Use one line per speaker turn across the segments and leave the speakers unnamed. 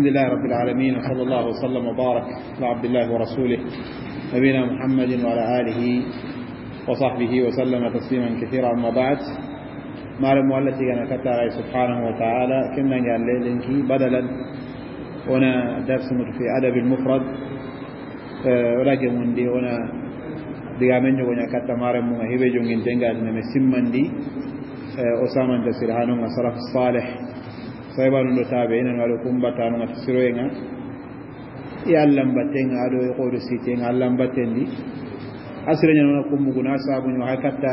الحمد لله رب العالمين وصلى الله وسلم وبارك على عبد الله ورسوله نبينا محمد وعلى آله وصحبه وسلم تسليما كثيرا أما بعد معلم المؤلفه كان كتر سبحانه وتعالى كنا قال لينكي بدلا هنا درس في أدب المفرد آه، ولكن من دي هنا ديامنجو هنا كتر معلم مهيبجو من جنجا من سمن دي آه، أسامة سرحانه وصرف الصالح saybaluɗo taaɓe enen aɗo kumbatanoga sisiroyenga e allah mbattenga aɗo e qooɗo sitenga allah mbatten ndi asireña noona kumbuguna saabuño hay katta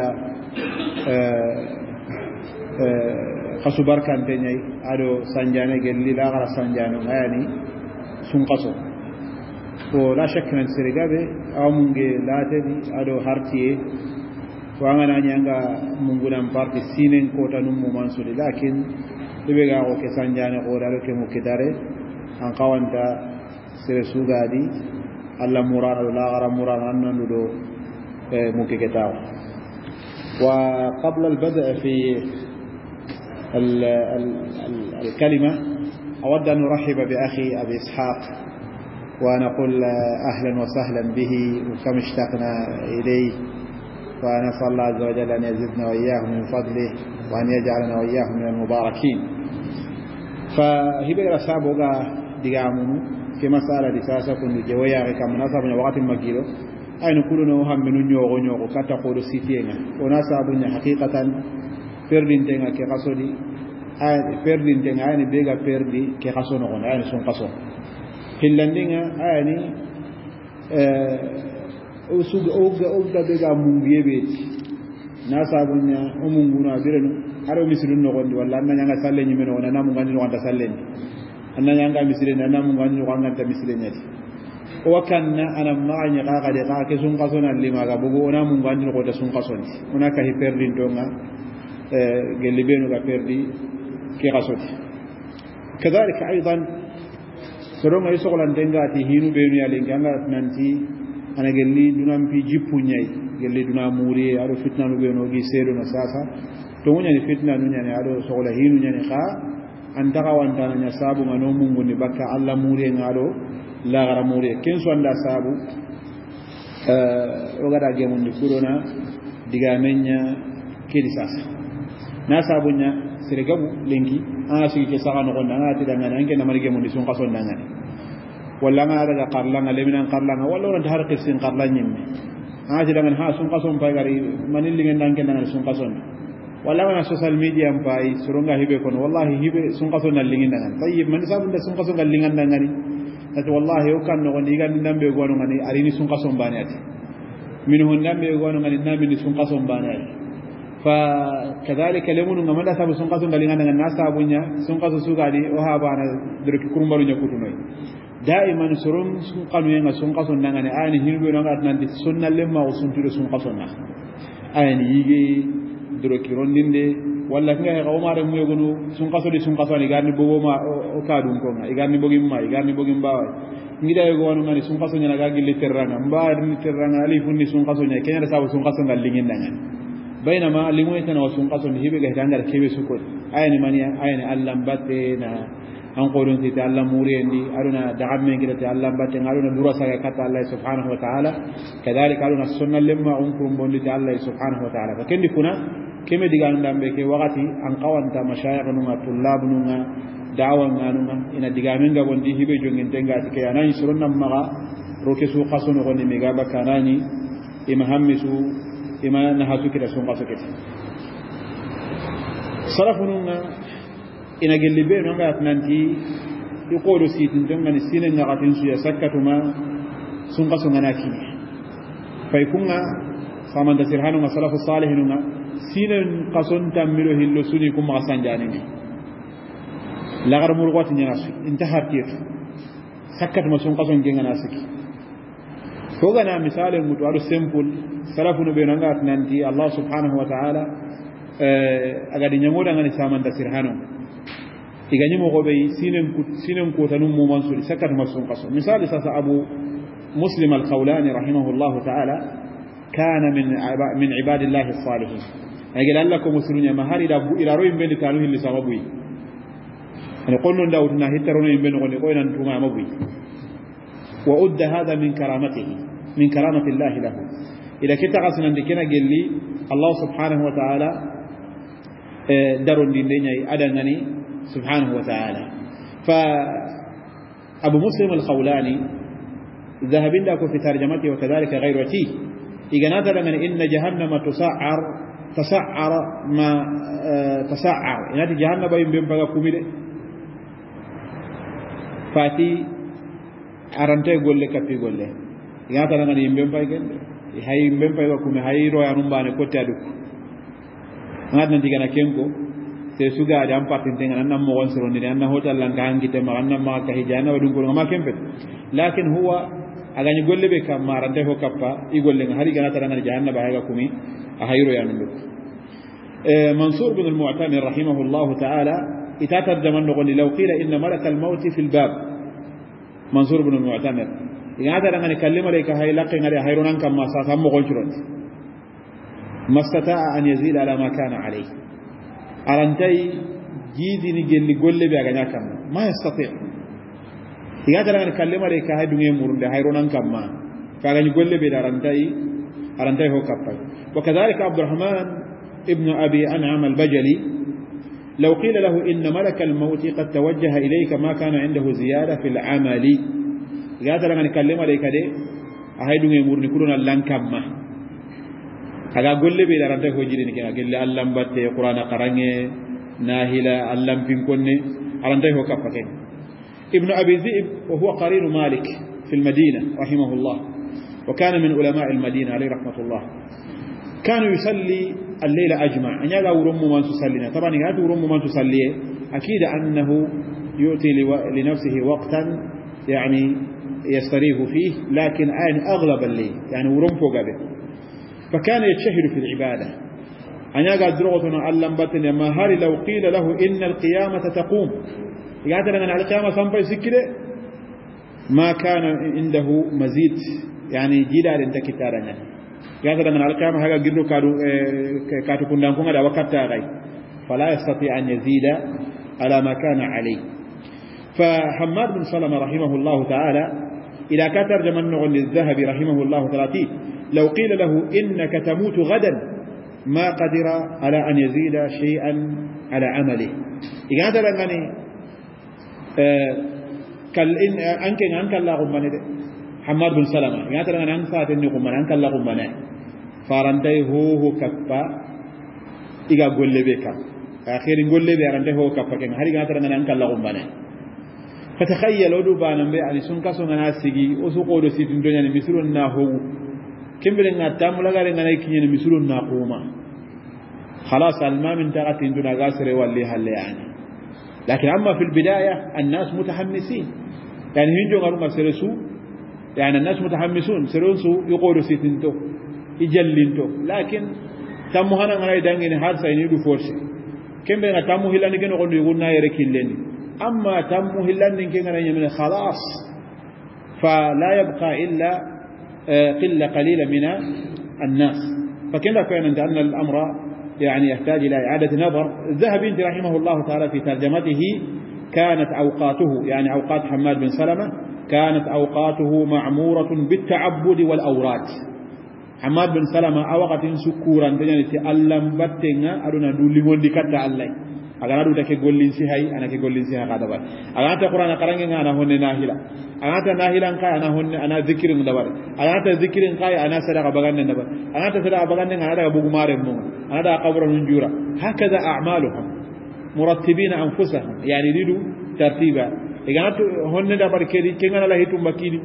kasu barkante ñayi aɗo sandiane gelli laxara sandiano ayani kaso ko la chaque nan sérégaɓe awa munge laatedi aɗo hartiye wangana ñanga mungunan parti sinen kota num mumansude lakin ɗuɓe ga ko ke sanjani hoore aɗo ke mukkitare an kawanta sere sugadi allah murano ɗo lagara murano annandu ɗo e mukkike tawa wa qable albadaa fi الكلمة أود أن أرحب بأخي أبي إسحاق ونقول أهلا وسهلا به وكم اشتقنا إليه ونسأل الله عز وجل أن يزدنا وإياه من فضله وأن يجعلنا وإياه من المباركين fa hiɓera saboga digamunu ke masala di sasa kundu je woyare kam na sabuña wakati magiro ayno kuluno hammenu ñoxo ñoxo katta koɗo sitienga ona sabuña haqiqatan perdintenga ke xasoɗi perdintenga ayani ɓega perdi ke xaso noxone ayani sun xaso xillandinga ayani e, sug oga ɓega mungue ɓeeti na sabuña o mungunu a ɓirenu haro misirin nogondi walla anna ñanga salle ñime nogondi ana mungandi noganta sallendi anna ñanga misirendi anna mungandi nogo anganta misireñati owa kanna anan maxa ka ka de ka ke sunxasonan limaga bogo ona mungandi nogonta sunxasondi ona kahi perdintonga eh, gelli ɓenuga perdi ke xasoti kadalika aidan soronga i ti hinu ɓenuya lenki anga nanti ana gelli dunanpi jippu ñayi gelle duna muuri aɗo fitna nu ɓeno gi saasa sasa to muñani fitna nu ñani aɗo sohla hinu ñani ha an taxa wantanaña saabuga no munguni bakka allah muurenga ɗo lagara muure ken so anda saabu euh, na angati dangan ha sun kason pay gari manillingen danke dangan sun kason walla wona social media n pay soronga hiɓe kono wallahi hiɓe sun kason nan lingin dangan tayib mani sabunde sun kason gal lingan dangani ati wallahi o kan nogon igandi ndambe gono gani arini sun kason bani ati min hon ndambe gono gani namini sun kason bani ati فكذلك لمن ما مدى سابو سنقصن قال لنا الناس سابونا سنقص سوغادي وها بانا درك كرمبرو نيكوتو نوي da'iman surun sun kanu yanga sun kason nan ne ayani hindu nan at nan sunna lemma o sun tudo sun kason nan ayani yige duro kiron dinde walla kinga ga umar mu yegunu sun kaso di sun kaso ni garni ma o kadun ko ngai garni bogim ma garni bogim bawa ngida yego wonu ngani sun kaso nyana gagi le terranga mbaar ni terranga ali funni sun kaso nyai kenya da sabu sun kaso ngal lingin nan bainama limu yatana wa sun kaso ni hibe ga kebe mani allan an qoɗon siti allah muri en ɗi aɗona dagam men gueɗete allah mbatten aɗona lurasaga katta allah subhanahu wa taala kadalika aɗona sonna lemma on kurum bonɗite allah subhanahu wa taala ka kendi kuna keme diganuɗanɓe ke wakati an qawanta mashayikh nuga tullabu nuga dawa ganuga ina digamen ga gondi hiɓe jonguintengati ke anañi soronnam maga roke su kasono gondi miga bakka anañi ima hammi su ima nahasukita sun kasukita sarafu nuga ina gelli be no ngat nanti i kodo sitin don ngani sine ngakatin su ya sakkatuma sun kaso ngana kini fay kunga samanda sirhanu nga salafu salihinu nga sine kason tammiro hillo suni kuma kasanjani ni lagar murgwati nyana su intahar tiyo sakkatuma sun kaso ngengana siki ko gana misalen mutu ado simple salafu no be no ngat nanti allah subhanahu wa ta'ala agadi nyamoda ngani samanda sirhanu igani mogo be sinen kut sinen kutanu mu mansuri sakat masun qaso misali sasa abu muslim al-khawlani rahimahullah ta'ala kana min min ibadillahi as-salihin agila alla ko musulun ma hari da bu iraro imbe ni tanu hilli sababu yi ani qollo daud na hitarono imbe no ko nan tuma mabu yi wa udda hada min karamatihi min karamati allah lahu ila kita qasna ndikena gelli allah subhanahu wa ta'ala daron dinde nyai adangani سبحانه وتعالى فأبو مسلم الخولاني ذهبين لك في ترجمته وكذلك غيرته إذا من إن جهنم تسعر تسعر ما آه، تسعر إن جهنم ينبغى كمير فاتي أرنتي يقول لك في يقول لك إذا من ينبغى كمير هاي ينبغى كمير هاي رويا نمباني كتادك أنا أتنى تيجانا كمكو te sugaade an partinten an annan mogon sorondini anna hotallanka hankitema annan maga kahiji anna waɗum koɗum ama ken fet lakin huwa agañi golle ɓe kam marante ho kappa i gollenga hari ganatarangani jahannaba hayga kumi a hayroyanum ɗo منصور بن المعتمر رحمه الله تعالى اتترجم أنه لو قيل إن ملك الموت في الباب منصور بن المعتمر إن هذا لأن نكلم عليك هاي لقي علي هيرونان كما ساسم غنشرت ما استطاع أن يزيد على ما كان عليه أرنتي جيدي نجي اللي قول لي بيغانيا ما يستطيع إذا ترى أنا كلمة ريكا هاي دنيا مورن ده هيرونان كم ما كأني قول لي بيرانتي هو كبر وكذلك عبد الرحمن ابن أبي أنعم البجلي لو قيل له إن ملك الموت قد توجه إليك ما كان عنده زيادة في العمل إذا ترى أنا كلمة ريكا دي هاي دنيا مورن كورونا لان aga golle ɓe daranta hojidini ke a gelle allahn batte qur'ana qarange nahila allahn pinkonne aranta ho kappa ken ibnu abi zib wa huwa qarinu malik fi al lmadina rahimahullah wa kana min ulama ulamai lmadina alayh rahmatullah al يصلي ajma أجمع أن يلا man من na tabani ga ورم man تصليه أكيد أنه يؤتي لنفسه وقتا يعني يستريح فيه لكن أين أغلب الليل يعني ورم فوق فكان يتشهد في العبادة أن قال درغتنا ألم بطن ما هاري لو قيل له إن القيامة تقوم يقعد لنا على القيامة سنبي سكرة ما كان عنده مزيد يعني جدار انت كتارا يقعد لنا على القيامة هكا قلنا آه، كاتو كنا نكون على وقت تاغي فلا يستطيع أن يزيد على ما كان عليه فحماد بن سلمة رحمه الله تعالى إلى كتر جمنع للذهب رحمه الله تعالى لو قيل له إنك تموت غدا ما قدر على أن يزيد شيئا على عمله إذا هذا لغني آه، كالإن أنك أنك الله غمنا حماد بن سلمة إذا هذا لغني أنك ساتني غمنا أنك الله غمنا فارنتي هو هو كفا إذا قول لي بك آخر قول لي بأرنتي هو كفا كنا هل إذا هذا لغني أنك الله غمنا فتخيل أدو بانا بأني سنكسونا سيجي وسقود سيدن دنيا مثل الناهو kembere nga tamulagare nga إن kiñene misulun na ناقوما خلاص من المام إن دون قاسر يوليها اللي يعني لكن أما في البداية الناس متحمسين يعني هين جون قالوا سرسو يعني الناس متحمسون سرسو يقولوا سيتنتو يجلنتو لكن تمو هنا غراي دانغين هارسا ينيدو فورسي كم بين تمو هلان كن يقول يقولنا لني أما تمو هلان كن غراي من خلاص فلا يبقى إلا قلة قليلة من الناس فكما فعلا أن الأمر يعني يحتاج إلى إعادة نظر الذهبي رحمه الله تعالى في ترجمته كانت أوقاته يعني أوقات حماد بن سلمة كانت أوقاته معمورة بالتعبد والأوراد حماد بن سلمة أوقات سكورا تجاني تألم باتنا أدونا دولي وندي كتا الله agana ɗuta ke gollinsi hay ana ke gollinsi ha ka dabar aganata qurana karangenga ana honne nahila aganata nahilan kay ana honne ana zikirin aga aganata zikirin kai ana sadaka baganne aga aganata sadaka baganne ana daga bugumaren mum ana daga kabura nun jura hakaza a'maluhum murattibina anfusahum yani didu tartiba iganata honne dabar kedi kengana lahi tumba kidi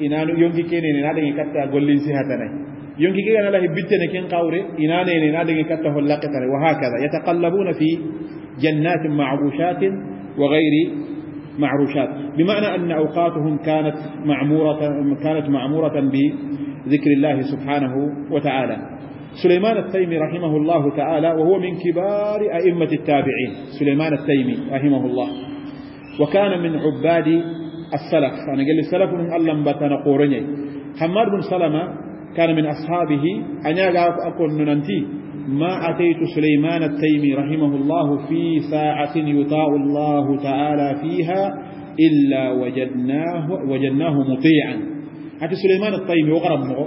inanu yonki kenene na daga katta gollinsi hatanai يمكن كده لا هبتنا كن قوري إنانا إنانا لقي كتة اللقطة وهكذا يتقلبون في جنات معروشات وغير معروشات بمعنى أن أوقاتهم كانت معمورة كانت معمورة بذكر الله سبحانه وتعالى سليمان التيمي رحمه الله تعالى وهو من كبار أئمة التابعين سليمان التيمي رحمه الله وكان من عباد السلف أنا قال السلف من ألم بتنقورني حمار حماد بن سلمة كان من أصحابه أنا أقول ننتي ما أتيت سليمان التيمي رحمه الله في ساعة يطاع الله تعالى فيها إلا وجدناه, وجدناه مطيعا حتى سليمان التيمي وقرب مغو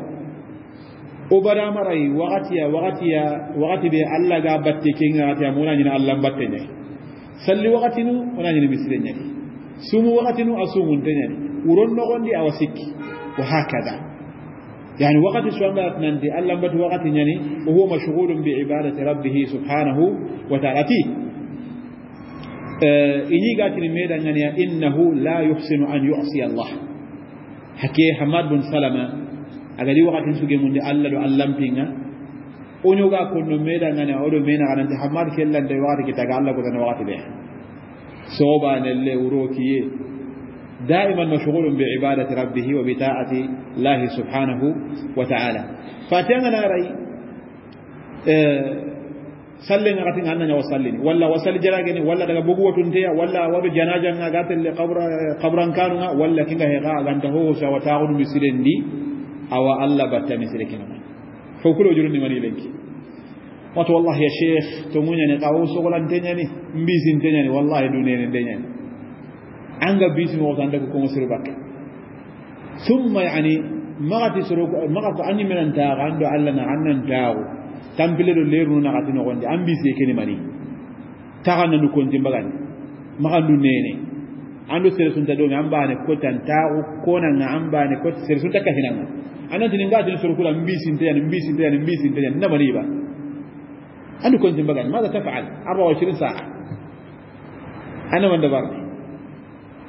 وبرا مري وغتيا وغتيا وغتي بي ألا غابت كين غتيا مولاني ألا الله باتني صلي وغتنو ولا ني مسلني سومو وغتنو اسومو تني ورون نغوندي اوسيكي وهكذا يعني وقت سوما أتنندي ألا بد وقت يعني وهو مشغول بعبادة ربه سبحانه وتعالى أه إني قاتل ميدا يعني إنه لا يحسن أن يعصي الله حكي حماد بن سلمة أقدي وقت سوكي من ألا لألم فينا ونوغا كن ميدا يعني أولو مينا أنت حماد كلا وقت كتاك ألا كتاك وقت بيه صوبا نلي وروكي دائما مشغول بعبادة ربه وبطاعة الله سبحانه وتعالى فاتينا ناري sallen ngati nganna nyaw sallini walla wasal jarageni walla daga bugu watunteya walla waɗo janaja nga gatelle kabran kanunga walla kinga hexa aganta ho sa wataxudu misiren ndi awa allah batta misire kinama fokulo jurundi mani lenki wato wallahi ya cheikh to muñani xawo sogolanteñani mbisinteñani wallahi dunene ndeñani anga bisimo tan daga ko musir sirba summa yani magati soro magako anni menan ta gando alla na annan dawo tambile do leru e na gati no gonde ambi se kene mani tagana ko ndi bagani magandu nene ando sere sunta do amba ne ko tan ta ko na amba ne ko sere sunta ka hinanga anan tin ngati soro kula mbi sinte yani mbi sinte yani mbi sinte yani na mari ba ando ndi bagani ماذا تفعل 24 ساعه انا من دبرني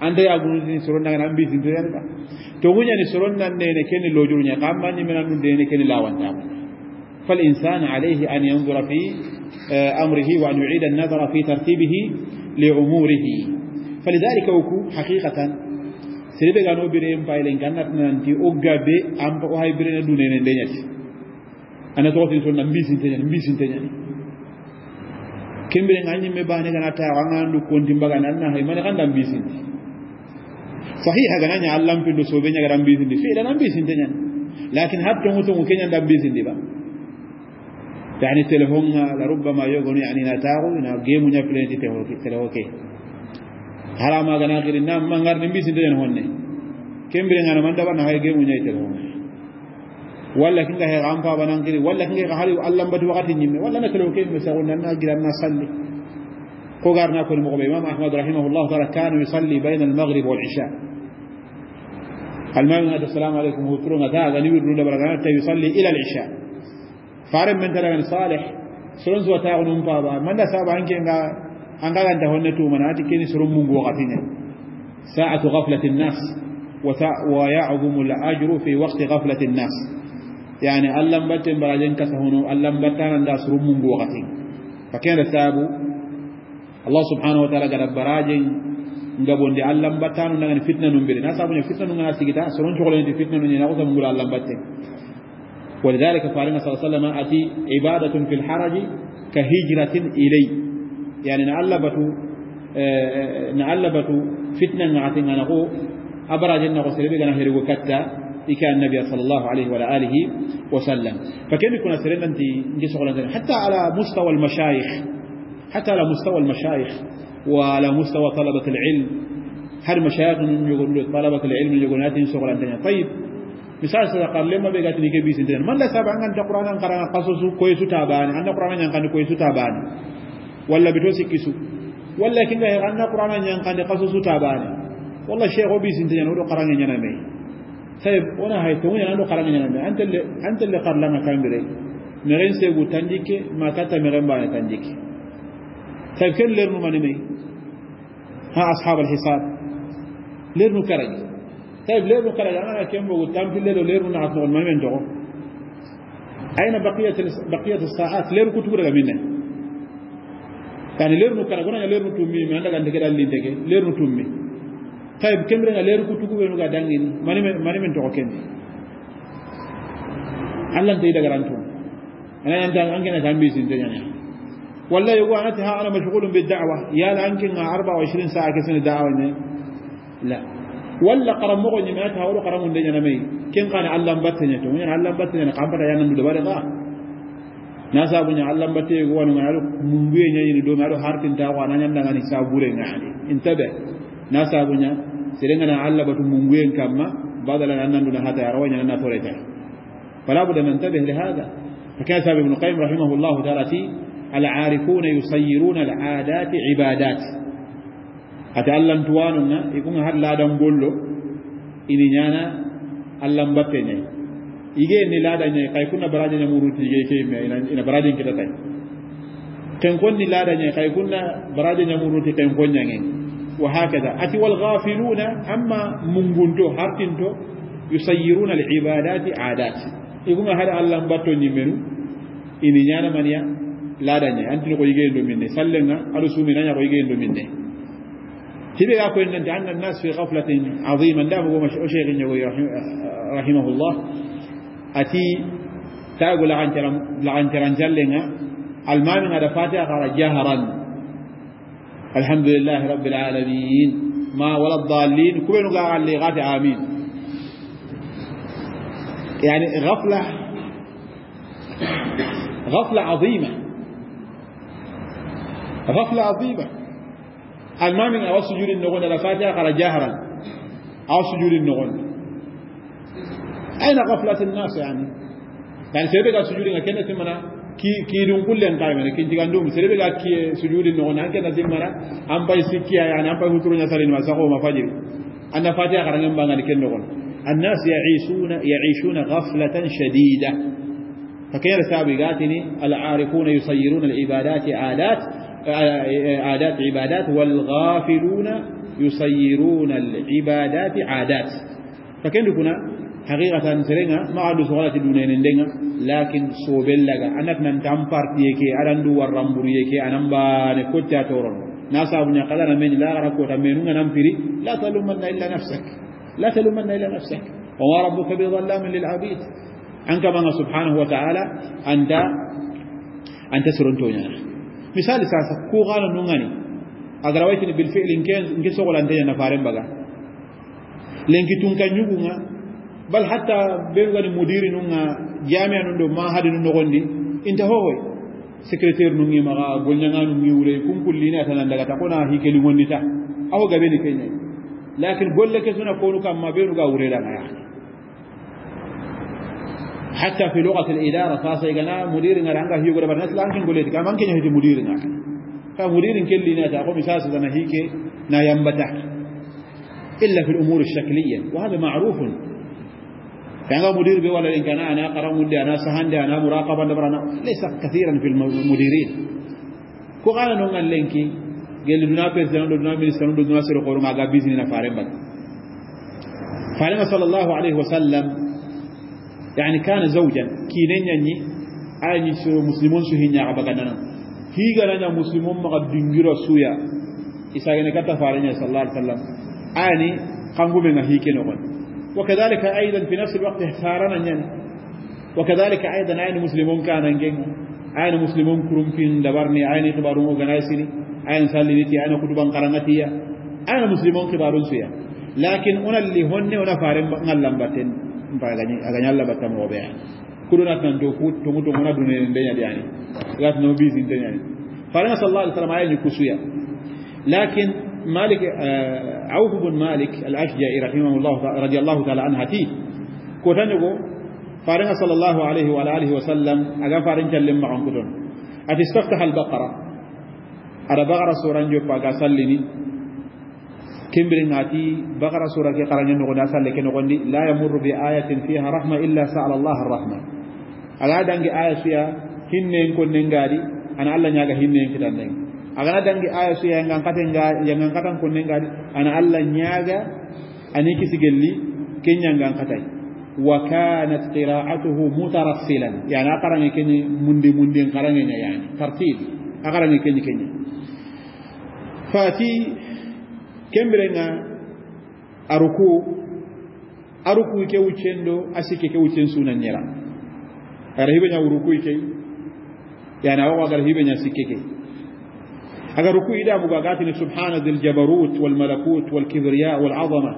anda yagunutini sorondagana an bisintiriani ba toguñani sorondan nene keni lojuruña kammañimena ɗum dene keni lawantama فالإنسان عليه أن ينظر في أمره وأن يعيد النظر في ترتيبه لأموره فلذلك وكو حقيقة سيبي غانو بيرين بايلين كانت نانتي أوغابي أم أوهاي بيرين دونين دينيتي أنا توقفين سنة مبيسين تنين مبيسين تنين kembere nga ñimme baane gana tawa nga ndu konti mbaga nan hay mane kanda mbisinti صحيح هذا نعني علم في دوسوبي بيني غرام بيسندي في دنا بيسندي نعني لكن هات حتى متو كينيا دام بيسندي با يعني تلفون لربما يغني يعني نتاغو نا جيم ني بليتي تيوكي تلوكي هلا ما غنا غير نام ما غار ني بيسندي ني كم بيرن غنا من دابا نهاي جيم ني تلفون ولا كنغا هي غام فابا نانغري ولا كنغا حالي الله بدو وقت ني ولا نتلو نتلوكي مسغنا نا غير نصلي قوغارنا كل مغبي امام احمد رحمه الله تعالى كان يصلي بين المغرب والعشاء المهم هذا السلام عليكم هو ترون هذا هذا غني يرد لبرغان يصلي الى العشاء فارم من ترى صالح سرون زوا تاغنون بابا من لا سابا انك ان قال انت هن تو مناتي كني سرون من وقتنا ساعة غفلة الناس ويعظم الاجر في وقت غفلة الناس يعني اللهم بتن براجن كسهونو اللهم بتان دا سرون من وقتين فكان سابو الله سبحانه وتعالى قال براجن ngabondi allah na ngani fitna no mbire na ne fitna no ngana sigita soron cohleniti fitna ne na ko ngula allah mbatte ولذلك فارنا صلى الله عليه وسلم أتي عبادة في الحرج كهجرة إلي يعني نعلبت نعلبت فتنة نعتنا نقو أبراجنا نغسل بيغنا هرغو كتا إكا النبي صلى الله عليه وعلى آله وسلم فكان يكون سرنا أنت حتى على مستوى المشايخ حتى على مستوى المشايخ وعلى مستوى طلبة العلم هر مشايخ من يقول طلبة العلم من يقول هاتين سوق الدنيا طيب مثال صدق لما بيقات لي كي بيس الدنيا من لا سابع عن القرآن عن قرآن قصص كويس تاباني عن القرآن عن قرآن كويس تاباني ولا بتوسي كيسو ولكن لكن عن القرآن عن قرآن قصص تاباني والله الشيخ بيس الدنيا ودو قرآن ينامي طيب وانا هاي تقولي انا قرآن ينامي انت انت اللي قال لنا كان بري مرين سيقول تنجيكي ما كانت مرين بانا تنجيكي طيب كن ليرنو منمي ها أصحاب الحصار ليرنو كرج طيب ليرنو كرج أنا كم بقول تام في الليل وليرنو نعطوه المهم ينجو أين بقية بقية الساعات ليرنو كنت تقول منه نعم؟ يعني ليرنو كرج أنا ليرنو تومي ما عندك عندك اللي عندك ليرنو تومي طيب كم رجع ليرنو كنت تقول إنه قادين مني مني من تقول كم الله تيجي دعارنتو أنا عندك عندك أنا تام بيزين تجاني ولا يقول أنا أنا مشغول بالدعوة يا لأنكن 24 ساعة كسن الدعوة لا ولا قرم مغن يماتها ولا قرم دين نمي كن قال علم بتنيا تو يعني علم بتنيا قام بدا يعني مدبر لا ناس أبو نيا علم بتنيا يقول أنا على مبين يعني دوم على هارتين تاو أنا نعم لعني سابورين يعني انتبه ناس أبو نيا سرنا علم بتو مبين كم بدل أن نقول هذا يروي أننا فريتا فلا بد أن ننتبه لهذا فكان سابق ابن القيم رحمه الله تعالى al'arifuna yusayyiruna al'adati ibadat ata allan tuwanunga ikunga har ladan gollo ini ñana allan batte ñayi ige ni laada kunna baraje ñamuruti ige ke ina barajen kita tay kon ni laada ñayi kunna baraje ñamuruti ken kon ñangen wa hakada ati wal ghafiluna amma mungunto hartinto yusayyiruna al ibadati adat ikunga har allan batto ñimmenu ini ñana maniya ladanya antini ko yigeni ɗo minne sallenga aɗa sumina ña ko yigeni ɗo minne hiɓe ga koyen nante anna nas fi gaflatin adima ndama goma o cheikh ñagoy rahimahullah ati tago laxancaran callenga almamin aɗa fatiha xara jaharan alhamdulillahi rabbil alamin ma wala dalin kuɓenuga xalle xate amin يعني غفلة غفلة عظيمة غفلة عظيمة المهم من أو سجود النغن الفاتحة قال جهرا أو سجود النغون أين غفلة الناس يعني يعني سيبقى سجود كنا تمنا كي كي دون كل ان قائم كي جي عندهم سيبقى كي سجود النغن هان كنا مرا أم باي سكيا يعني أم باي هترون يسالين ما سقوا ما فجر أن فاتحة قال بان نكن النغن الناس يعيشون يعيشون غفلة شديدة فكيف سابقاتني العارفون يصيرون العبادات عادات عادات عبادات والغافلون يصيرون العبادات عادات فكان كنا حقيقة سرنا ما عدو سوالة دونين لنا لكن صوبين لغا أنك ننتم فارتيكي أرندو والرمبريكي أنبان كتا تورن ناسا ابن قدر من لا غرق وتمينون ننفري لا تلومن إلا نفسك لا تلومن إلا نفسك وما ربك بظلام للعبيد أنك من سبحانه وتعالى أنت أنت سرنتونينا misali sasa ku gano nungani agarawaitini bilfi'li nke sogolantenya nafaren baga lenki tunka ñugunga bal hatta ɓeɓegani mudiri nunga jamia nun ɗo ma hadi nu nogondi inta hohoy secrétaire nungi maxa golñanga nungi wurey kunkullini ta, kona hikeli gonnita aho gaɓeni keñay lakin golle ke suna ko konu kam ma ɓenuga wureɗanga ya. حتى في لغة الإدارة خاصة يقولنا مديرنا نرانغا هي قد برنس لانكن قلت كام أنكن يهدي مدير مديرنا فمدير كل ناتا أقوم انا نهيك نا ينبتح إلا في الأمور الشكلية وهذا معروف كان مدير بي ولا إن كان أنا أقرأ مدي أنا سهندي أنا انا لبرنا ليس كثيرا في المديرين ko kana قال ngal lenki gel duna لنا duna ministre لنا sero ko ma ga bizni na صلى الله عليه وسلم يعني كان زوجا كينين يعني أني سر مسلمون سهين يا عبادنا هي قالنا مسلمون ما دينجرا سويا إسحاقنا كتفارنا صلى الله عليه وسلم أني قنقو من هيك نقول وكذلك أيضا في نفس الوقت احتارنا يعني وكذلك أيضا أين مسلمون كان نجينا أين مسلمون كرم في دبرني أين إخبارهم وغنايسني أين سالنتي أين كتبا قرنتي أين مسلمون كبارون سويا لكن أنا اللي هن ونفارن نلمبتن لكن مالك آه عوف بن مالك الأشجعي رحمه الله رضي الله تعالى عنه تي كوتانيكو فارنها صلى الله عليه وعلى آله وسلم أجا فارنجا لما عن كتون أتستفتح البقرة على بقرة سورانجو فاكا سليني كمبرين عتي بقرة سورة كي قرن ينغني أسأل لكي نغني لا يمر بآية فيها رحمة إلا سأل الله الرحمة أغانا دانجي آية سيا هنين كن ننغاري أنا الله نياغا هنين كتان نين أغانا دانجي آية سيا ينغان كتان كن ننغاري أنا الله نياغا أنيكي سيجلي كن ينغان كتان وكانت قراءته مترسلا يعني أقرن كني مندي مندي قرن يعني ترتيب أقرن كني كني فاتي kembirenga aruku aruku ike uchendo asike ke uchensu na nyera agar hibe nya uruku ke yana awa agar hibe nya sike ke agar ruku ida mu ga gatin subhana dhil jabarut wal malakut wal kibriya wal azama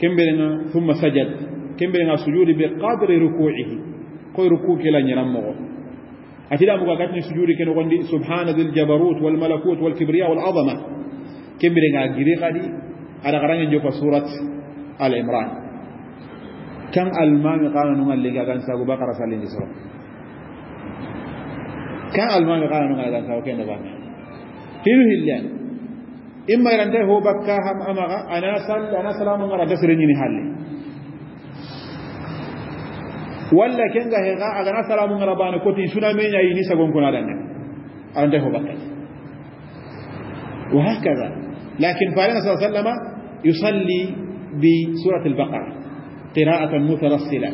kembirenga thumma sajad kembirenga sujudi bi qadri ruku'ihi koy ruku ke la nyera mo atida mu ga gatin sujudi ke no gondi subhana dhil jabarut wal malakut wal kibriya wal azama kembire nga giri kadi ada karanya joka surat al imran kan almami kana nunga lenga gan sagu bakara salin di sura kan almami kana nunga gan sagu kenda bana hilu hillan imma irante ho bakka ham amaga ana sal ana salamu ngara dasrini ni halle walla kenga hega aga na salamu ngara bana koti suna menya yini sagon kuna danne arante ho bakka وهكذا لكن فارنا صلى الله عليه وسلم يصلي بسورة البقرة قراءة مترسلة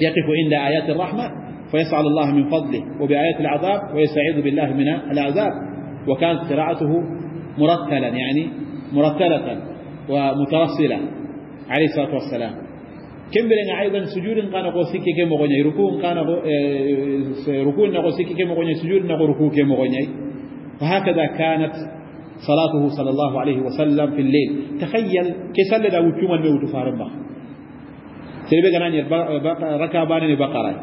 يقف عند آيات الرحمة فيسأل الله من فضله وبآيات العذاب ويستعيذ بالله من العذاب وكانت قراءته مرتلا يعني مرتلة ومترسلة عليه الصلاة والسلام كم بلنا أيضا سجود كان قوسيك كم غني ركوع كان آه، آه، ركوع نقوسيك كم غني سجود نقو كم غني فهكذا كانت صلاته صلى الله عليه وسلم في الليل تخيل كسل لو تشوم مي وتو فارم با سيربي غناني ركع باني بقره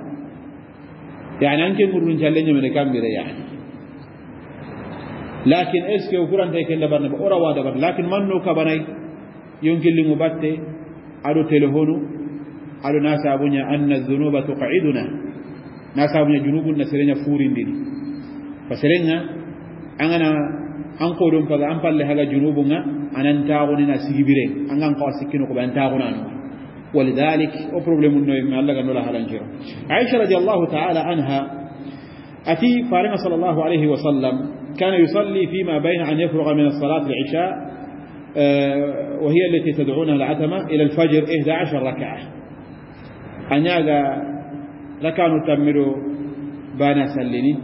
يعني انك مرن جلني من كام يعني لكن اسك قران انت كلا برنا اورا وادا بر لكن من نو كبناي يمكن لي مبتة ادو تلهونو ادو ناس ابونيا ان الذنوب تقعدنا ناس ابونيا جنوب النسرين فورين دي فسرنا انا an ko don faga an palle haga junubun ga anan taagoni na sigibire an kan kawa sikkino ko ban no ولذلك او بروبليم نو ما الله قال لها هلنجر عائشه رضي الله تعالى عنها اتي فارما صلى الله عليه وسلم كان يصلي فيما بين ان يفرغ من الصلاه العشاء وهي التي تدعونها العتمه الى الفجر 11 ركعه انياغا لكانوا تمرو بانا سليني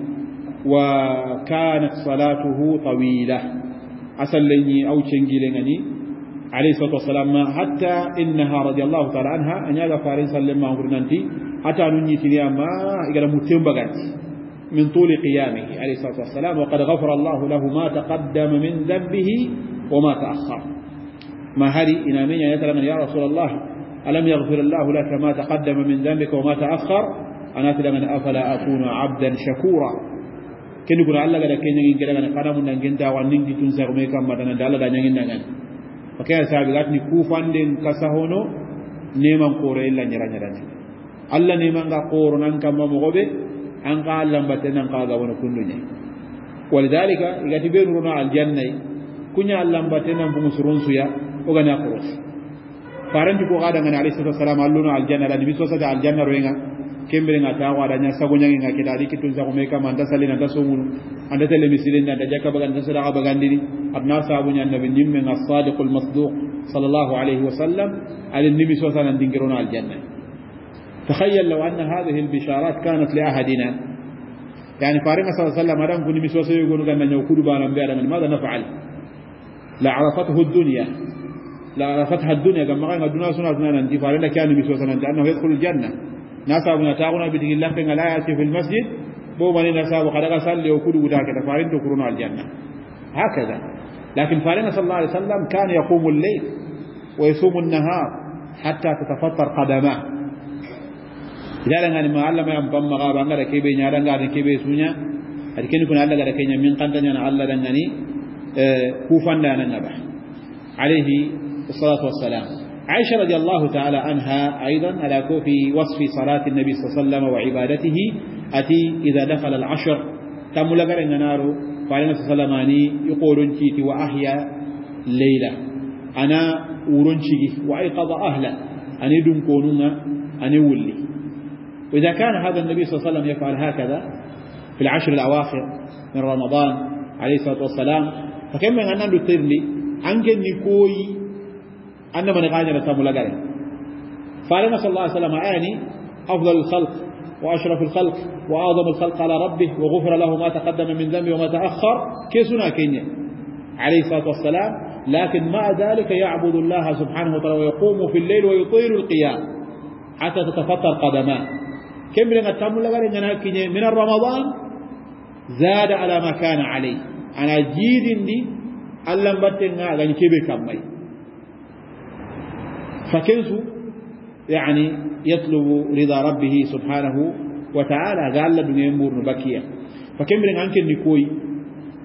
وكانت صلاته طويلة أسلني أو تشنجلني عليه الصلاة والسلام حتى إنها رضي الله تعالى عنها أن يلا فارين سلم ما أمرنتي حتى نني ما إذا متنبغت من طول قيامه عليه الصلاة والسلام وقد غفر الله له ما تقدم من ذنبه وما تأخر ما هذه إن من يتلمن يا رسول الله ألم يغفر الله لك ما تقدم من ذنبك وما تأخر أنا تلمن أفلا أكون عبدا شكورا keni guna allah gada keñangin gedagana kanamuda gentawa ningi tun sarme kamma tana da allah da ñangindangani fakaya saabi gatini kufanden kasahono neman koro illa ñarañarani allah nemanga koro nan kamma be, an ka lambate nan ka gawono kunduñe walidalika igati ɓenurono aljannayi kuña lambate nan fugusurun suya ogana koroti farenti ko gadangani alayhi salatu wasalam alluno aljanna ɗani mi sosata aljanna roenga kembere nga ta wa danya sago nyangi nga kita di kitu za kumeka manda sale na tasumul anda tele misile na dajaka bagan da sadaqa bagan dini adna sabu nyan nabi nimme nga sadiqul masduq sallallahu alaihi wasallam al nimi so sanan dingirona al janna law anna al bisharat kanat li ahadina yani تخيل لو أن هذه البشارات كانت لأحدنا يعني فارغ صلى الله عليه وسلم أدام كن مسوسة يقولون أن يقول بانا بأدم ماذا نفعل لعرفته الدنيا لعرفتها dunya sunna sunna الدنيا farina أثنان أنت فارغ كان annahu yadkhulu al janna ناسا من تاغنا بدي الله كن لا يأتي في المسجد بو من ناسا وخلق صلي وكل وداك تفارين تكرون الجنة هكذا لكن فارنا صلى الله عليه وسلم كان يقوم الليل ويصوم النهار حتى تتفطر قدماه إذا لنا لما علم ينضم مغابا عن ذلك كيف ينعر عن ذلك كيف يسمونا هل كن يكون علق لك من قد أن ينعر لنني كوفا لنا آه، نبح عليه الصلاة والسلام عائشة رضي الله تعالى عنها أيضا على في وصف صلاة النبي صلى الله عليه وسلم وعبادته أتي إذا دخل العشر تم لقر إن نارو فعلى صلى الله عليه وسلم يقول تيتي وأحيا ليلة أنا ورنشي وأيقظ أهلا أن دم كونونا أن يولي وإذا كان هذا النبي صلى الله عليه وسلم يفعل هكذا في العشر الأواخر من رمضان عليه الصلاة والسلام فكما أن نترني أنجني كوي أن من غاني لغاري فعلنا صلى الله عليه وسلم يعني أفضل الخلق وأشرف الخلق وأعظم الخلق على ربه وغفر له ما تقدم من ذنبه وما تأخر كيسنا كينيا عليه الصلاة والسلام لكن مع ذلك يعبد الله سبحانه وتعالى ويقوم في الليل ويطيل القيام حتى تتفطر قدماه كم من التام لغاري من رمضان زاد على ما كان عليه أنا جيد دي ألم بتنغا غني يعني كبير كمي فكيف يعني يطلب رضا ربه سبحانه وتعالى قال لدنيمبورن بكيا فكمبرن أنكني كوي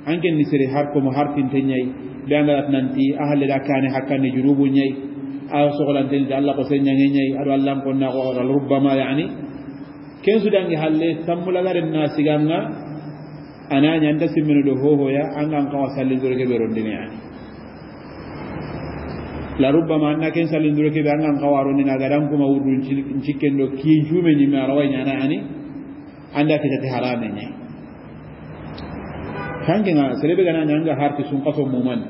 أنكني سري هركم هرتنتني بأنلتننتي أهل لا كان حكني جنوبني aw sohlantenide allah ko senñage ñayi aɗo allahnkonna koxotal rubbama yani ken sudange halle sammulagaren na sigan ga ana ñanta simmeno ɗo hohoya angan kawa sallintoro keɓe rondini yani larubama anna ken salinduro keɓe angan kawaronina agadan kuma wurdu cikken ɗo ki jume ñimme arawa ñana ani anda kitati harame ñayi kankenga serebe gana ñanga harti sunkaso muman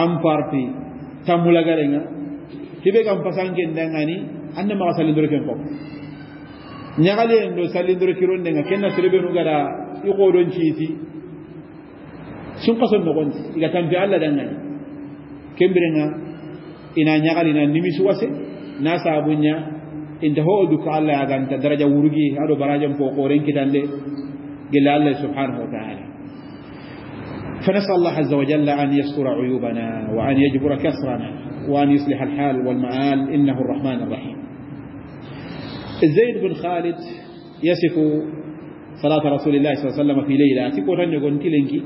an parti tammulagarenga keɓe kam pasanken dangani anna maga salinduro ken fop ñagalen ɗo salinduro kirondenga kenna serebe nu gada i qoɗon ciiti sunkaso nogonti iga tampi allah dangani kembirenga ina ñagali na nimisu wase na sabunya inta ho du ko Allah aganta daraja wurugi ado barajam fo ko renki dande gila Allah subhanahu wa ta'ala فنسأل الله عز وجل أن يستر عيوبنا وأن يجبر كسرنا وأن يصلح الحال والمآل إنه الرحمن الرحيم زيد بن خالد يصف صلاة رسول الله صلى الله عليه وسلم في ليلة أتكو تنجون تلنكي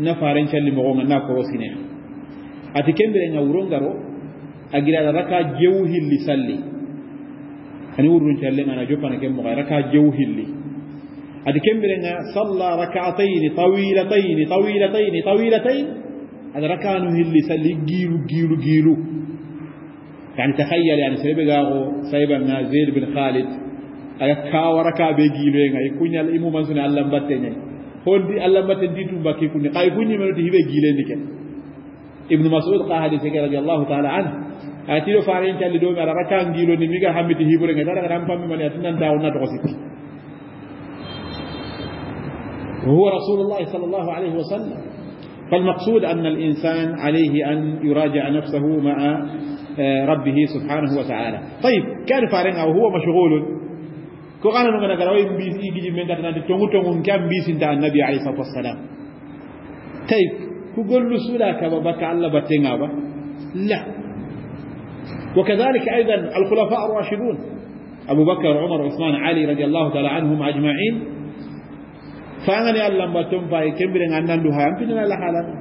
نفارن شل مغونا ناكو رسينيها أتكمبر أن أورون أجل هذا ركع جوه اللي سلي أنا أقول إن شاء الله أنا جوبا أنا كم مغاي ركع جوه اللي هذا كم بلنا صلى ركعتين طويلتين طويلتين طويلتين هذا ركع نه اللي سلي جيرو جيرو جيرو يعني تخيل يعني سيبقى هو سيبقى من زيد بن خالد aya ka waraka be gilo ngai kunyal imu mansuna allah batte ne hondi allah batte ditu bakke kunni kai kunni melo hibe gile ni ibnu mas'ud ka hadise ke radiallahu taala an eh, ati ɗo فارين calli domi على ركان جيلو miga hammiti hibre ge taɗa gaɗan pammimani من nanta onna togo sikki وهو رسول الله صلى الله عليه وسلم فالمقصود أن الإنسان عليه أن يراجع نفسه مع ربه سبحانه وتعالى طيب كان فارين أو هو مشغول كوغانا نغنا غراوي بيس يجي من داتنا تونغو تونغو كان بيس دا النبي عليه الصلاة والسلام طيب كقول له سولا كما بكى الله بتنابا لا وكذلك أيضا الخلفاء الراشدون أبو بكر عمر عثمان علي رضي الله تعالى عنهم أجمعين فأنا الله ما كم بين أن ندها أمتنا لا حالا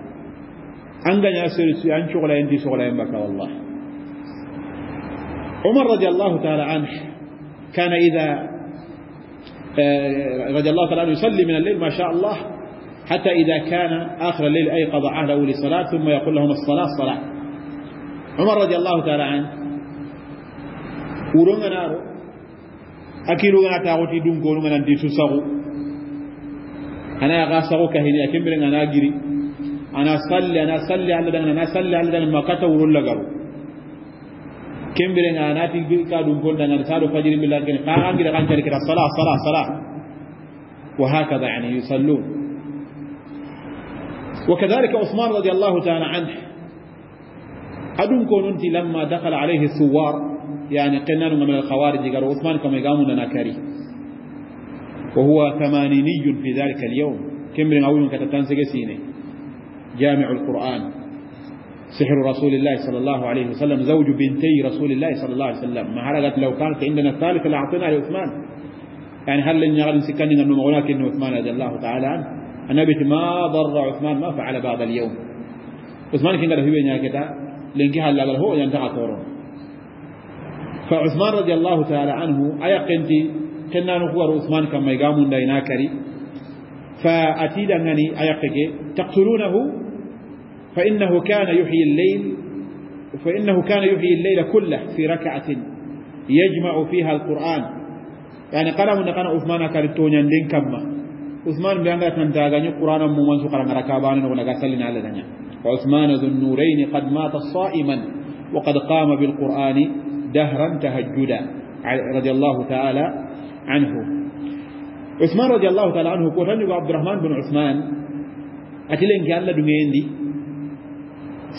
أنجا ياسر سي أن شغل أنت شغل أنبك والله عمر رضي الله تعالى عنه كان إذا آه، رضي الله تعالى عنه يصلي من الليل ما شاء الله حتى إذا كان آخر الليل أيقظ أهله لصلاة ثم يقول لهم الصلاة صلاة عمر رضي الله تعالى عنه أكيلو أكيلوغنا تاغوتي كورونا دي تساغو أنا غاسغو كهيني أكمبرنا أنا أجري أنا صلي أنا صلي على دغنا أنا صلي على أنا ما كتا ورولا غارو كمبرنا أنا تيجي كادون كون دغنا سالو فجر بالله كن قاعد كده كان كده صلاة صلاة صلاة وهكذا يعني يصلون وكذلك عثمان رضي الله تعالى عنه أدم كونت لما دخل عليه الثوار يعني قلنا من الخوارج قالوا عثمان كما لنا كريم وهو ثمانيني في ذلك اليوم من أول كتتانسك سيني جامع القرآن سحر رسول الله صلى الله عليه وسلم زوج بنتي رسول الله صلى الله عليه وسلم ما حرقت لو كانت عندنا الثالثة لأعطينا لعثمان يعني هل لن يغلن سكننا أنه مغناك أنه عثمان رضي الله تعالى عنه النبي ما ضر عثمان ما فعل بعد اليوم عثمان كان له بين كذا لينكها لا له ينتع ثورون فعثمان رضي الله تعالى عنه أيقنتي كنا نخور عثمان كما يقامون دينا كري فأتيد أنني أيقك تقتلونه فإنه كان يحيي الليل فإنه كان يحيي الليل كله في ركعة يجمع فيها القرآن يعني قالوا أن قال عثمان كارتون يندين كما usman be anga tan daga ni qur'ana mu man su karanga rakabani no naga sallina alla danya wa usman dhun nurayn qad mata sa'iman wa qad qama bil qur'ani dahran tahajjuda radiyallahu ta'ala anhu usman radiyallahu ta'ala anhu ko tan abdurrahman bin usman atilen ki alla dungendi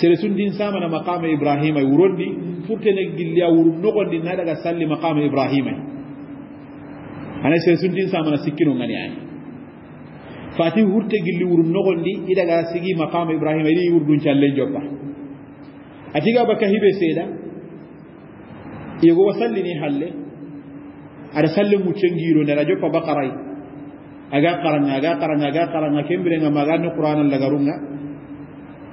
sere sundin samana maqama ibrahima wurondi furtene gilliya wuru nogondi na daga salli maqama ibrahima ana sere sundin samana sikkino ngani ani fati hurte gilli wurum nogondi i daga sigi maqama ibrahima idi wurdun callen joppa a tiga bakka hibe seeda yegowa sallini halle aɗa salle muccen giiro nde aɗa joppa bakaray aga karaa aga karaa aga karaa kembirengama aga ni qouranal lagarunga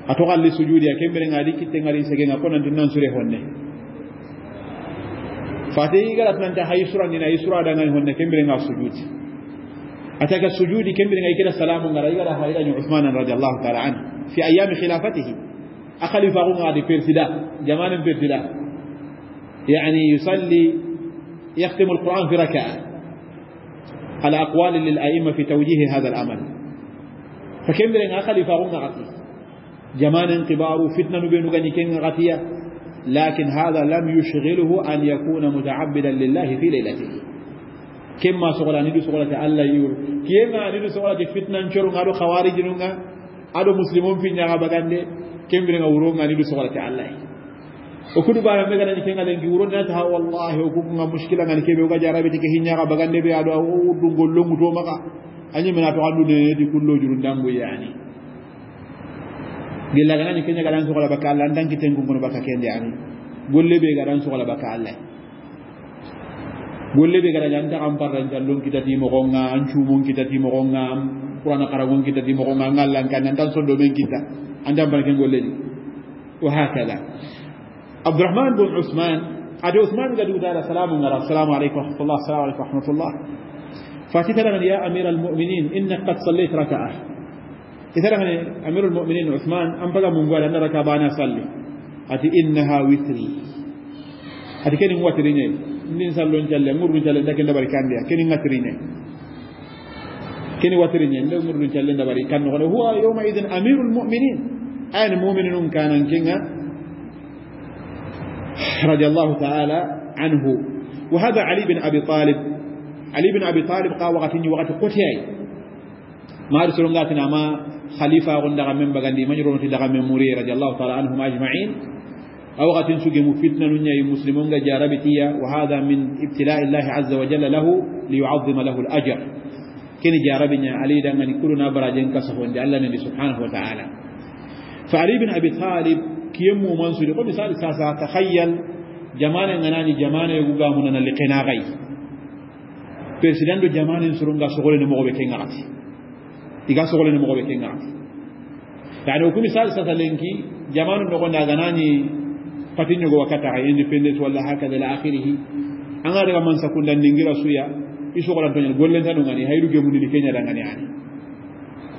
a toxalli sujudi a kembirenga adi kittengari segenga ko nanti nan sure honne fati i garatnanta hayi suranina ayi suradangani honne kembirenga sujudi أتاك السجود كم بين كده سلام غير غير إلى عثمان رضي الله تعالى عنه في أيام خلافته أخلي فاغون غادي فرسدا جمال فرسدا يعني يصلي يختم القرآن في ركعة على أقوال للأئمة في توجيه هذا الأمل فكم بين أخلي فاغون غادي جمال انقبار فتنة بين غنيكين غتية لكن هذا لم يشغله أن يكون متعبدا لله في ليلته kemma sogola nidu sogolate allah yiwru kiyema nidu sogolate fitnan coru aɗo hawarijinunga aɗo muslimum fiñaga bagande kembirenga wuronga nidu sogolate allah o kudu bana mbe ganañi kengalengi wuro nata ha wallahi o kukunga muskila ngani keɓe oga jarabete ke hiñaga bagande ɓe aɗo wurdungol longuto maga añimena to andudeneti kullojuru ndangu yani gillaganañi keñagaɗan sogola bakka allah an dankitengungono bakka kende ani golle ɓe gaɗan sogola bakka allah golle ɓe gara ñanta kan parran callon kitati mogonga an cuumon kitati mogonga an qurana karagon kitati mogonga an allankani antan sondo men kitta antan parake golleɗi wa hakada abdourahman bon ousmane ade ousmane gadi udara salamu gara assalamu aleykum rahmatullah assalamu aleykum rahmatullah fati taragan ya amira almuminin innak qad sallayt raka'a itaragan amiru lmuminin ousmane an paga mun goaɗa anna raka bana salli ati innaha witri ati kenin watiriñayi ndin sallon calle murdu calle ndake ndabari kandiya keni ŋatiriñe keni watiriñe nde murdu calle ndabari kanno kono huwa yawma idin amiru lmuminin ayani mumini num kanan kenga radiallahu taala anhu wa hada ali bin abi talib ali bin abi talib ka wakatiñi wakati koteyay maari sorongatinama khalifa gon daga men bagandi mañorono ti daga men muriye radiallahu taala anhum ajmain أو أوغة سجم فتنة نيا مسلمون جاربتيا وهذا من ابتلاء الله عز وجل له ليعظم له الأجر كن جاربنا علي دعنا نقول كلنا براجين كسفون الله سبحانه وتعالى فعلي بن أبي طالب كيم ومنصور قل سأل ساسا تخيل جمانا ناني جمانا يقوغا مننا لقنا غي برسلان جمانا سرونغا سغولي نمغو بكين غاتي إيغا سغولي نمغو بكين غاتي يعني وكم سأل ساسا لنكي جمانا نغو ناغناني patiñogo wakkata a independence walla hakada ila akhirihi anga daga man sakundan ningira suya i sogolantoñan gollentano ngani hayru gemundini keñada ngani ani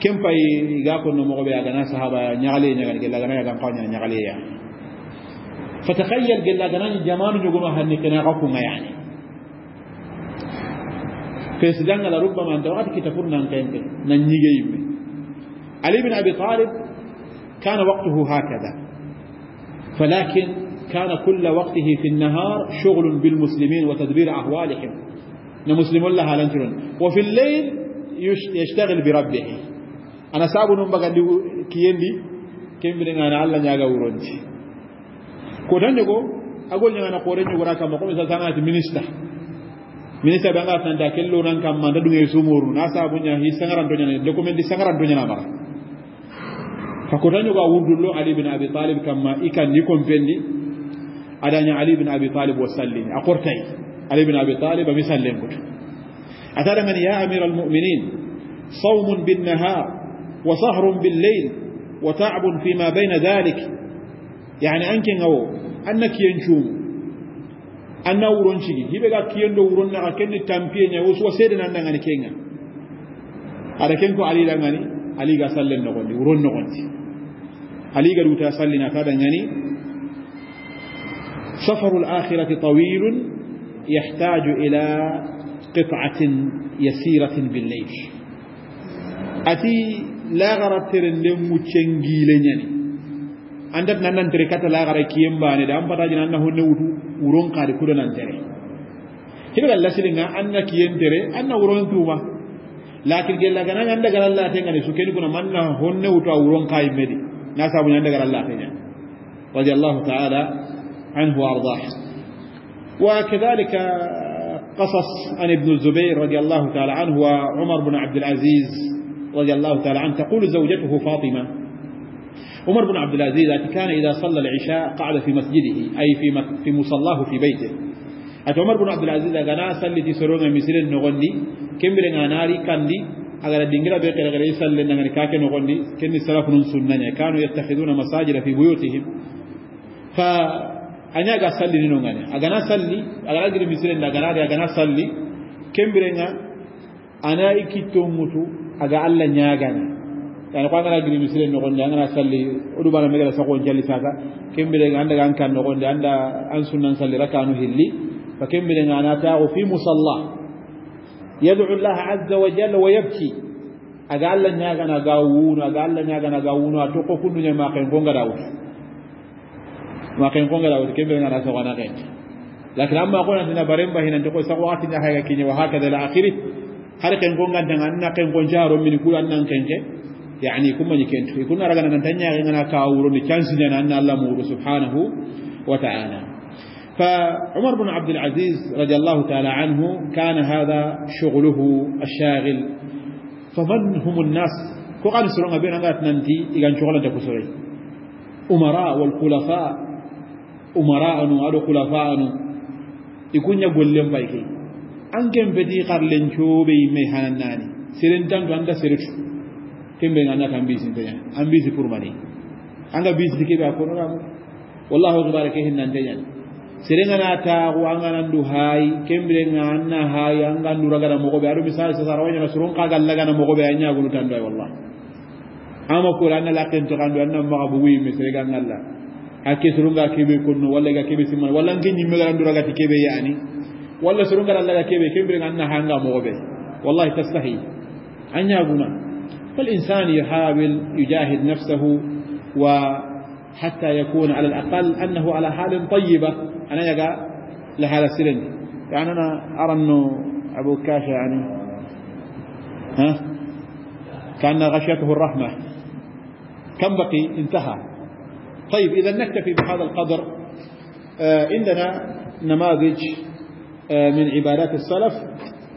ken pay ga konno mogoɓe agana sahaba ñagale ñagani gella gana yagan kawñana ñagaleya فتخيل قال لك انا جمال يقولوا هني قناعكم يعني فيسدان لربما انت وقتك تكون نانكين ننيجيم علي بن ابي طالب كان وقته هكذا فلكن كان كل وقته في النهار شغل بالمسلمين وتدبير أحوالهم نمسلم لها لنجرون وفي الليل يشتغل بربه أنا سابو نمبغا كيين دي كيين بلين أنا ألا نياغا ورونتي كودان يقول أقول لنا قورين يقول راكا مقوم إذا كانت منيستا منيستا بانغا تندا كلو نانكا مانتا دون يسومور ناسا بنيا هي سنغران دونيا دوكومنت دي سنغران دونيا نامرا فكودان يقول أقول لنا علي بن أبي طالب كما إيكا نيكم بني adanya ali ibn abi talib wasallini akortai ali ibn abi talib amisallen kutu atara man ya amir almu'minin صوم بالنهار وسهر بالليل وتعب فيما بين ذلك يعني أنكن أو أنك ينشوم أنا ورون شيء هيبقى كيندو ورون نعا كن تامبيه نعا وسوا سيدنا نعا نكينا هذا كنكو علي لعاني علي قاسلم نقولي ورون نقولي علي قالوا تاسلنا كذا يعني سفر الآخرة طويل يحتاج إلى قطعة يسيرة بالليل أتي لا غرب ترنم متشنجي لنيني عندنا ننتري كتا لا غرب كيم باني دام بتاجنا أنه نوتو ورون قاري كل ننتري كيف قال لسي لنا أنك كيم تري أنه ورون توما لكن قال لك أنا عندك على الله تنجل سكين كنا من هن نوتو ورون قاري ناسا بني عندك الله تنجل رضي الله تعالى عنه وأرضاه وكذلك قصص عن ابن الزبير رضي الله تعالى عنه وعمر بن عبد العزيز رضي الله تعالى عنه تقول زوجته فاطمة عمر بن عبد العزيز كان إذا صلى العشاء قعد في مسجده أي في في مصلاه في بيته أت عمر بن عبد العزيز أنا صليت سرون مسجد نغني كم بلغ ناري كندي أجر الدنجرة بقر غير لنا نغني كاك نغني كم السلف نون سنة كانوا يتخذون مساجد في بيوتهم ف anya ga salli nino ngani na salli agana giri misirende na aga agana salli nya ana ikitto mutu aga alla nyagana yani ko angana giri misire nogonde na salli bana megala sago jalli saka kembirenga nga an kan nogonde anda an sunnan salli rakanu hilli fa ana ta'u fi musalla yadu llaha aza wa jalla wa yabki aga alla nya ga wuno aga alla nya ga wuuno a tokko kunduñamaken ko ngada dawo ma ken ko ngara wati kembe ngara so wana ken lakin amma ko nan barem ba hinan to ko sa wati na haga kinye wa haka da akhiri har ken ko nganda ngana ken ko jaro min kula nan ken ke yani kuma ni ken to kunna raga nan tanya ngana ka wuro ni chance ne nan Allah mu subhanahu wa ta'ala فعمر بن عبد العزيز رضي الله تعالى عنه كان هذا شغله الشاغل فمن هم الناس كقال سرنا بين أنات ننتي إذا شغلنا تكسري أمراء والخلفاء umara'anu aɗo kulafa'anu ikuña gollen fay key an ken peti xarlen coɓe yimme hanannani seren tanto anda seretu kembe ngannata an bisinteña an bisi pour mani anga bisiti keɓe a konoramu wallahu kibara ke hinnanteñani serengana taaku anganandu haayi kembirenga anna haayi anganduragana mogoɓe aɗo misali sasara wañana soron kagallagana mogoɓe a ñagunu tandoy wallah ama kore anna lakken tokandu annan maxa bugu yimme serega ngalla hakke surunga kebe konno walla ga kebe simman walla nke ñimme garanduragati kebe yani walla surungara allaga kebe kembirega anna hanga mogoɓe wallahi tastahi a ñaguna فالإنسان يحاول يجاهد نفسه وحتى يكون على الأقل أنه على حال طيبة أنا يقع لحالة سلند يعني أنا أرى أنه أبو كاشا يعني ها كأن غشيته الرحمة كم بقي انتهى طيب إذا نكتفي بهذا القدر آه، عندنا نماذج آه، من عبادات السلف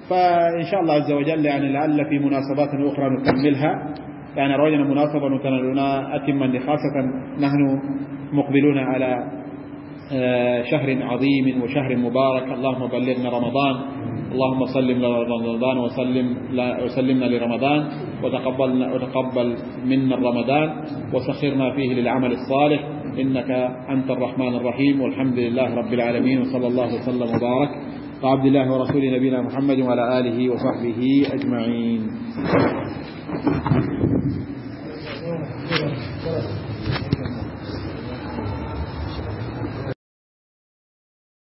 فإن شاء الله عز وجل يعني لعل في مناسبات أخرى نكملها يعني رأينا مناسبة نتنلنا أتما خاصة نحن مقبلون على آه، شهر عظيم وشهر مبارك اللهم بلغنا رمضان اللهم سلم لرمضان وسلم وسلمنا لرمضان وتقبلنا وتقبل منا رمضان وسخرنا فيه للعمل الصالح إنك أنت الرحمن الرحيم والحمد لله رب العالمين وصلى الله وسلم وبارك وعبد الله ورسول نبينا محمد وعلى آله وصحبه أجمعين